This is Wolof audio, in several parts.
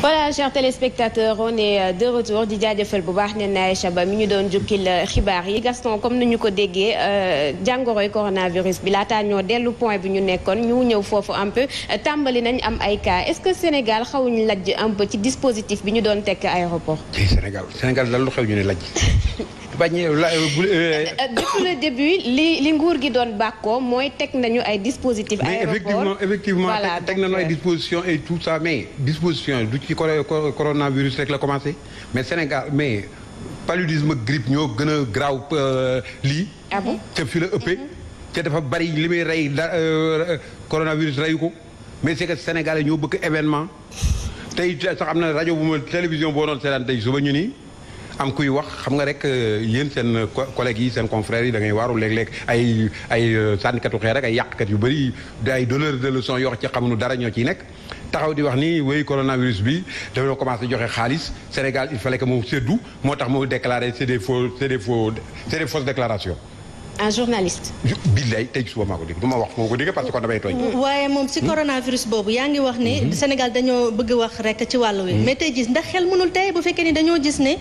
voilà chers téléspectateurs on est euh, de retour di jaajëfal bu baax ne na Aïcha Ba mi ñu doon jukkil euh, xibaar yi Gaston comme ni ñu ko déggee euh, jàngoroy coronavirus bi laataa ñoo dellu point bi ñu nekkoon ñu ñëw foofu un peu tàmbali nañ am ay cas est-ce que Sénégal xawuñu lajj un peu ci dispositif bi ñu doon tekk aéroport. Sénégal Sénégal lan lu xew ñu ne lajj. depuis le début li li nguur gi doon bàkkoo mooy teg nañu ay dispositifs. aéroport effectivement effectivement teg nañu ay dispositions disposition du ci coronavirus rek la commencé mais Sénégal mais palidisme grippe ñoo gën a graaw euh, lii. Ah te fi la ëpp mhm. te dafa bari li muy rey euh, coronavirus reyu ko mais c'est que Sénégalais ñoo bëgg événement tey sax am na rajo bu ma télévision boo doon seetaan tey suba ñu nii. am kuy wax xam nga rek euh, yéen seen euh, collègues yi seen confrères yi da ngay waaru léeg-léeg ay ay euh, sànnikatu xeer rek ay yàqkat yu bëri ay donneur de leçon yoo ci nu dara ñoo ciy nekk taxaw di wax ni wéy coronavirus bi dañoo commencé joxe xaalis Sénégal il fallait que moom séddu moo tax mu déclaré c'est des faux c'est des faux c'est des un journaliste. billaay tey suba maa ko dégg du ma wax moo ko dégg mm-hmm. waaye moom si hmm? coronavirus boobu yaa ngi wax ni. Mm-hmm. Sénégal dañoo bëgg wax rek ci wàllu wi. Mm-hmm. mais tey gis ndax xel mënul tey bu fekkee ni dañoo gis ne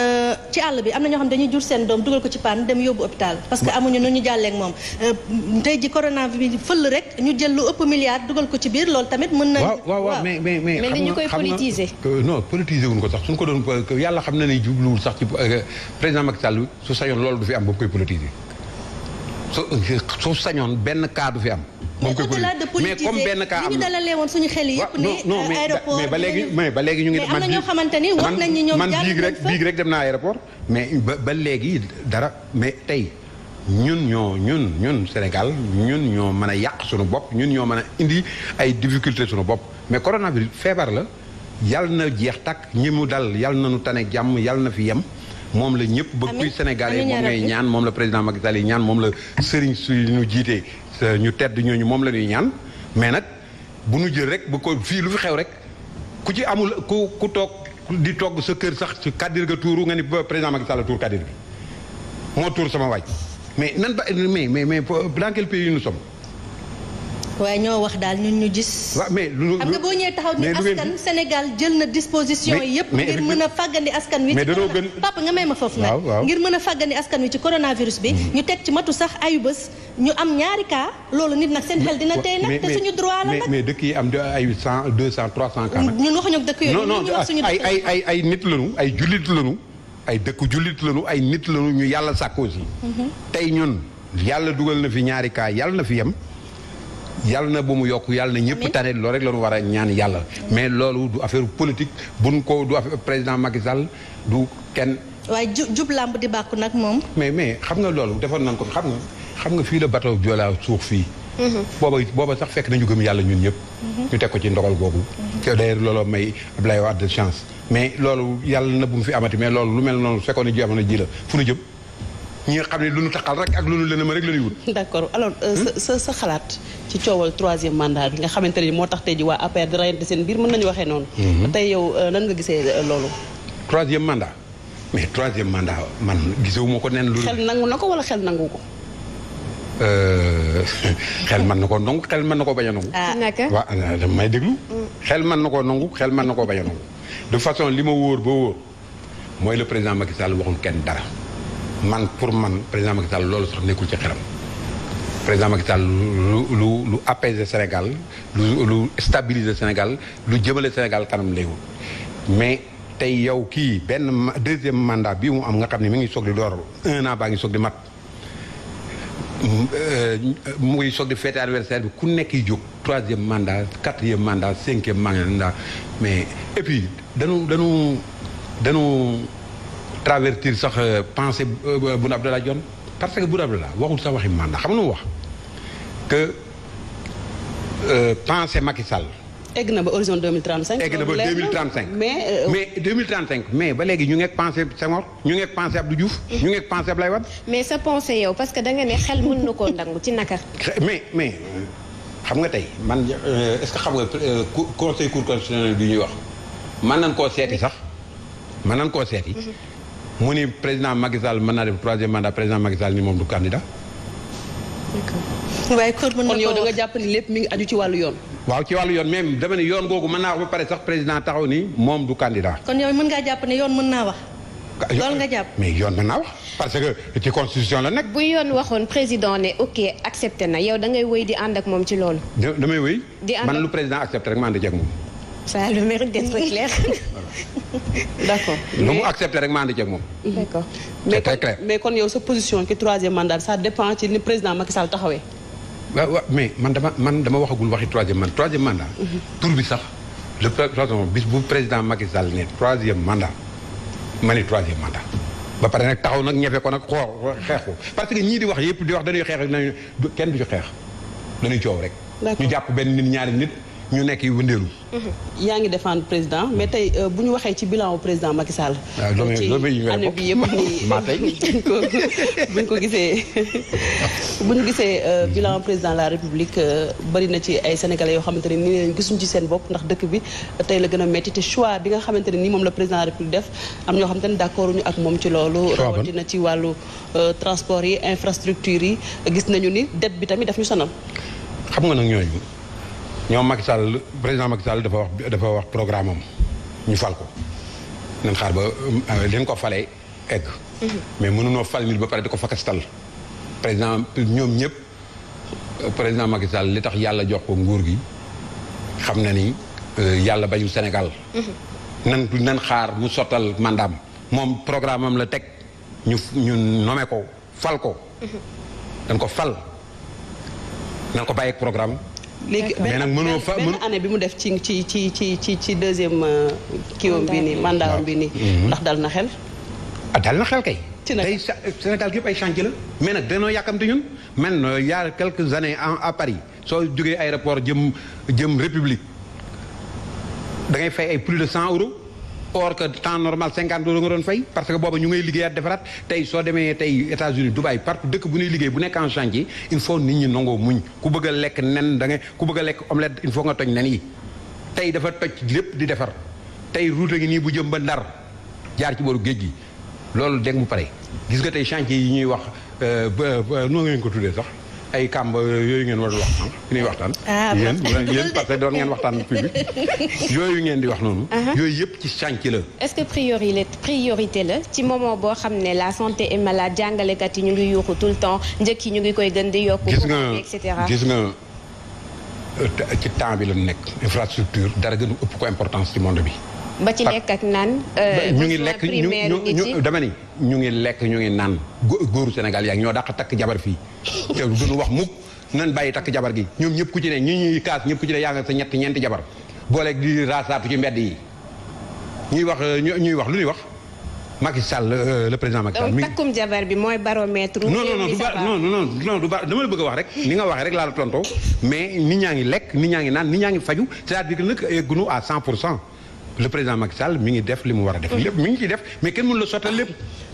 euh, ci àll bi am na ñoo xam dañuy jur seen doom dugal ko ci paan dem yóbbu hôpital. parce que amuñu nu ñu jàllee ak moom euh, tey ji coronavirus fël rek ñu jël lu ëpp milliard dugal ko ci biir loolu tamit. mën nañu waaw waaw waaw mais mais mais. xam nga koy ko doon yàlla xam na ne jubluwul sax ci euh, fi am ba koy su sañoon benn cas fi am. moom mais comme benn kaa am ñu suñu xel yëpp ne euh, mais ba léegi mais ba léegi ñu ngi. mais am na ñoo xamante ni wax man biig rek biig rek dem naa aéroport. mais ba ba léegi dara mais tey ñun ñoo ñun ñun Sénégal ñun ñoo mën a yàq sunu bopp ñun ñoo mën a indi ay difficulté suñu bopp mais coronavirus feebar la yàlla na jeex takk ñi mu dal yàlla na nu tane jàmm yàlla na fi yem. moom la ñëpp bëgg kuy sénégalais moom ngay ñaan moom la président Macky Sall yi ñaan moom la sëriñ suy ñu jiitee ñu tedd ñooñu moom la ñuy ñaan mais nag bu ñu jël rek bu ko fii lu fi xew rek ku ci amul ku ku toog di togg sa kër sax ci kaddir ga tuuru nga ni président Macky Sall tuur kaddir bi moo tuur sama waaj mais nan ba mais mais mais dans quel pays nous sommes waaye ñoo wax daal ñun ñu gis. waaw mais xam nga boo ñëwee taxaw ni askan Sénégal jël na disposition yëpp. ngir mën a fàggandi askan wi. ci papa nga may ma foofu nag. ngir mën a fàggandi askan wi ci coronavirus bi. Hmm. ñu teg ci matu sax ayu bës ñu am ñaari cas loolu nit nag seen xel dina tey nag. te suñu droit la nag mais dëkk yi am ay cent deux cent cent cas. ñun waxuñu dëkk yooyu. ñun ñu dëkk ay ay ay nit lañu ay jullit lañu ay dëkk jullit lañu ay nit lañu ñu yàlla sàkk aussi. Mm-hmm. tey ñun yàlla dugal na fi ñaari cas yàlla na fi yem yàlla na bu mu yokk yàlla na ñëpp tane loolu rek la ñu war a ñaan yàlla mais loolu du affaire politique buñ ko du président Macky Sall du kenn waaye jub làmb di bàkku nag moom mais mais xam nga loolu defoon nañ ko fi xam nga xam nga fii la bateau Joola suux fii mhm. booba booba sax fekk nañu gëm yàlla ñun ñëpp mhm. ñu teg ko ci ndogal boobu mhm. te d'ailleurs looloo may Abdoulaye Wade chance mais loolu yàlla na bu mu fi amati mais loolu lu mel noonu fekkoon na jamono ji la fu nu ñi nga xam ne lu nu taxal rek ak lu nu lëndëm rek la ñuy wut. d'accord alors euh, sa sa xalaat ci coowal troisième mandat bi nga xamante ne moo tax te ji waa APR di rayante seen biir mën nañu waxee noonu. Mhm. tey yow euh, nan nga gisee euh, loolu. troisième mandat mais troisième mandat man gisewu ma ko nen lu. xel na ko wala xel nangu ko. xel mën na koo nangu xel mën na koo bañ a nangu. ah naka waaw may déglu. xel mën na koo nangu xel mën na ko bañ a nangu. de façon li ma wóor ba mooy le président Macky Sall waxul kenn dara. man pour man président Macky Sall loolu sax nekkul ci xelam. président Macky Sall lu lu lu apaiser Sénégal lu lu stabiliser Sénégal lu jëmale Sénégal kanam lay wut mais tey yow kii benn deuxième mandat bii mu am nga xam ne mi ngi soog di door un an baa ngi soog di mat euh, mu ngi soog di féete adversaire bi ku nekk yi jóg troisième mandat quatrième mandat cinquième mandat mais et puis dañu travertir sax euh, pensée euh, Boun Abdallah Dionne parce que Boun Abdallah waxul sax waxi mandat xam nu mu wax que euh, pensée Macky Sall. egg na ba horizon 2035. egg na ba 2035 mais. mais 2035 mais ba léegi ñu ngi ak pensé Senghor ñu ngi ak pensé Abdou Diouf. ñu ngi ak pensé Abdoulaye Wade. mais sa pensée yow parce que da nga ne xel mën na koo ndangu ci naka. mais mais xam nga tey man est-ce que xam nga conseil cour constitutionnel du ñuy wax man nañ koo seeti sax mën nañ koo seeti. Mhm. mu ni président Macky Sall mën naa def troisième mandat président Macky Sall ni moom du candidat. d'accord waaye kër mën na kon yow da jàpp ni lépp mi ngi aju ci wàllu yoon. waaw ci wàllu yoon même dama yoon googu mën naa wax ba pare sax président taxaw ni moom du candidat. kon yow mën ngaa jàpp ne yoon mën naa wax. loolu jàpp mais yoon mën naa parce que ci constitution la nekk. bu yoon waxoon président ne ok accepté na yow da ngay wéy di ànd ak moom ci loolu. damay wéy. di ànd ak man lu président accepté rek ma ànd ak ça a le mérite d'être clair. voilà. d'accord. mais mu moom. d'accord mais mais kon yow sa position ci troisième mandat ça dépend ci ni président Macky taxawee. mais man dama man dama waxagul waxi troisième mandat troisième mandat. Mhm. tur sax le président bis bu président Macky Sall ne troisième mandat ma ne troisième mandat. ba pare nag taxaw nag ñefe ko nag xool xeexu parce que ñii di wax yëpp di wax dañuy xeex ak kenn du ci xeex dañuy coow rek. ñu jàpp benn nit ñaari nit. ñu nekk yu wëndeelu. yaa ngi défendre président mais tey euh, bu ñu waxee ci bilan président Macky Sall. waaw ah, loolu année bi yëpp bu ñu ko gisee bu ñu gisee euh, bilan mm-hmm. président de la république euh, bari na ci ay sénégalais yoo xamante ne nii gisuñ ci seen bopp ndax dëkk bi tey la gën a métti te choix bi nga xamante ne nii moom la président de la république def am ñoo xamante ne d'accord ñu ak moom ci loolu. rawatina ci wàllu transport yi infrastructure yi gis nañu ni dette bi tamit daf ñu sonal. xam nga nag ñooñu. ñoom Macky Sall président Macky Sall dafa wax dafa programme ñu fal ko nañ xaar ba euh, leen ko falee egg. Mhm. mais mënunoo fal nit ba pare di ko fakastal président ñoom ñëpp président Macky li tax yàlla jox ko nguur gi xam na ni euh, yàlla bañul Sénégal. Mhm. nan nan xaar mu sottal mandaam moom programme am la teg ñu ñu nommé ko fal ko. dañ mhm. ko fal nan ko bàyyi programme. léegi fa benn année bi mu def ci ci ci ci ci ci deuxième euh, kiwam bi nii mandatam bi nii. Mhm. ndax dal na xel. ah dal na xel kay. ci nag tey Sénégal yëpp ay chantier la mais nag dañoo yàkkamti ñun man euh, y a quelques années à Paris soo jógee aéroport jëm jëm république da ngay fay ay plus de cent euros. or que temps normal cinquante dollars nga doon fay parce que booba ñu ngay liggéeyaat defaraat tey soo demee tey États-Unis Dubaï partout dëkk bu ñuy liggéey bu nekk en chantier il faut nit ñi nangoo muñ ku bëgg lekk nen da nga ku bëgg a lekk omelette il faut nga toj nen yi tey dafa toj lépp di defar tey route ngi nii bu jëm ba Ndar jaar ci booru géej gi loolu dégg bu pare gis nga tey chantier yi ñuy wax euh, noo ngeen ko tuddee sax ay kàmb yooyu ngeen war a wax ni waxtaan. Ah, ah, yéen yéen parce que doon ngeen waxtaan yooyu ngeen di wax noonu. Ah, yooyu yëpp ci chantier la. est-ce que priorité priorité la ci moment boo xam ne la santé est la jàngalekat yi ñu ngi yuuxu tout le temps njëkk yi ñu ngi koy gën di yokku. gis nga et gis nga euh, ci temps bi la nekk. infrastructure dara gënu ëpp ko importance ci monde bi. ba ci lekk ak naan. Euh, ñu ngi lekk ñu ñu dama ni ñu ngi lekk ñu ngi naan góoru Sénégal yaa ngi ñoo dàq takk jabar fii te duñu wax mukk nan bàyyi takk jabar gi ñoom ñëpp ku ci ne ñi ñuy kaas ñëpp ku ci ne yaa nga sa ñetti ñeenti jabar booleeg di raasaatu ci mbedd yi ñuy wax euh, ñuy wax lu ñuy wax Macky Sall euh, le président Macky Sall. takkum jabar bi mooy baromètre. non non non non non du ba dama la bëgg a wax rek li nga wax rek laa la tontoo mais nit ñaa ngi lekk nit ñaa ngi naan nit ñaa ngi faju c'est-à-dire que nag eggunu à 100 pour cent le président Macky Sall mi ngi def li mu war a def. lépp mi ngi def mais kenn mënu la sottal lépp.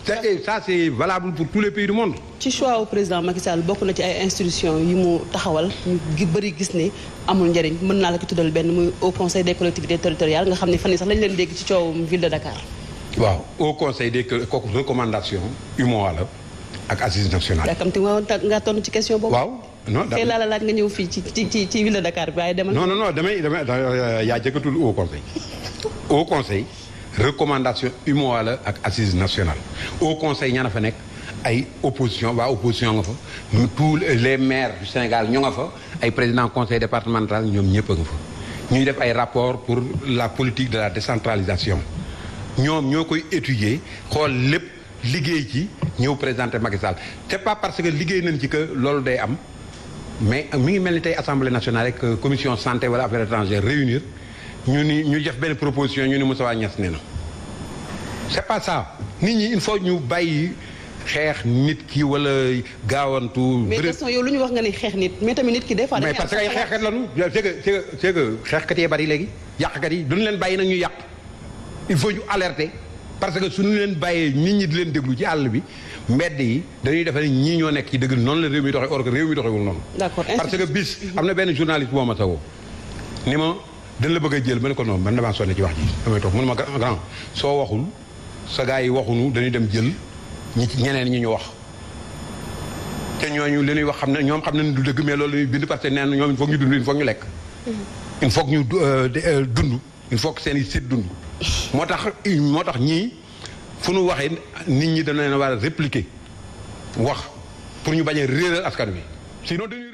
ça eh, ça c'est valable pour tous les pays du monde. ci choix président Macky bokk na ci ay institutions yi mu taxawal ñu bëri gis ne amul njëriñ mën naa la ko tuddal benn muy au conseil des collectivités territoriales nga xam ni fan yi leen dégg ci coowum ville de Dakar. waaw au conseil des kooku recommandation UMOA la ak assise nationale. yaakaar nga nga tontu ci question boobu. au conseil recommandation UMOA ak assise nationale au conseil ña na fa nekk ay opposition waa opposition nga fa tous les maires du Sénégal ñu fa ay président conseil départemental ñoom ñëpp a nga fa ñuy def ay rapport pour la politique de la décentralisation ñoom ñoo koy étudier xool lépp liggéey ci ñëw présenté Macky Sall pas parce que liggéey nañ ci que loolu day am mais mi ngi mel ni tey assemblée nationale rek euh, commission santé wala affaires réunir ñu ni ñu def benn proposition ñu ni Moustapha Niass nee neena c'est pas ça nit ñi il faut ñu bàyyi xeex nit ki wala gaawantu. mais question yow lu ñu wax nga ni xeex nit mais tamit nit ki des fois. mais parce que ay xeexkat lañu c'est que c'est que c'est que xeexkat yee yi duñu leen bàyyi nag ñu yàq il faut ñu alerter parce que leen bàyyee nit ñi di leen déglu ci àll bi mbedd yi dañuy defe ne ñoo nekk ci dëgg noonu la réew mi doxe or que réew mi doxewul noonu. d'accord parce que bis am na benn journaliste boo ma sawoo dañ la bëgg a jël ma ne ko non man damaa sonné ci wax ji damay grand soo waxul sa gars yi waxuñu dañuy dem jël ñi ci ñeneen ñi ñu wax. te ñoo li ñuy wax xam ne ñoom xam nañ du dëgg mais loolu la ñuy bind parce que nee na ñoom il faut ñu dund il faut ñu lekk. il faut ñu euh, euh, dund il faut seen i sit dund. moo tax moo tax ñii fu nu waxee nit ñi dana leen war a répliquer wax pour ñu bañ a réeral askan wi sinon dañuy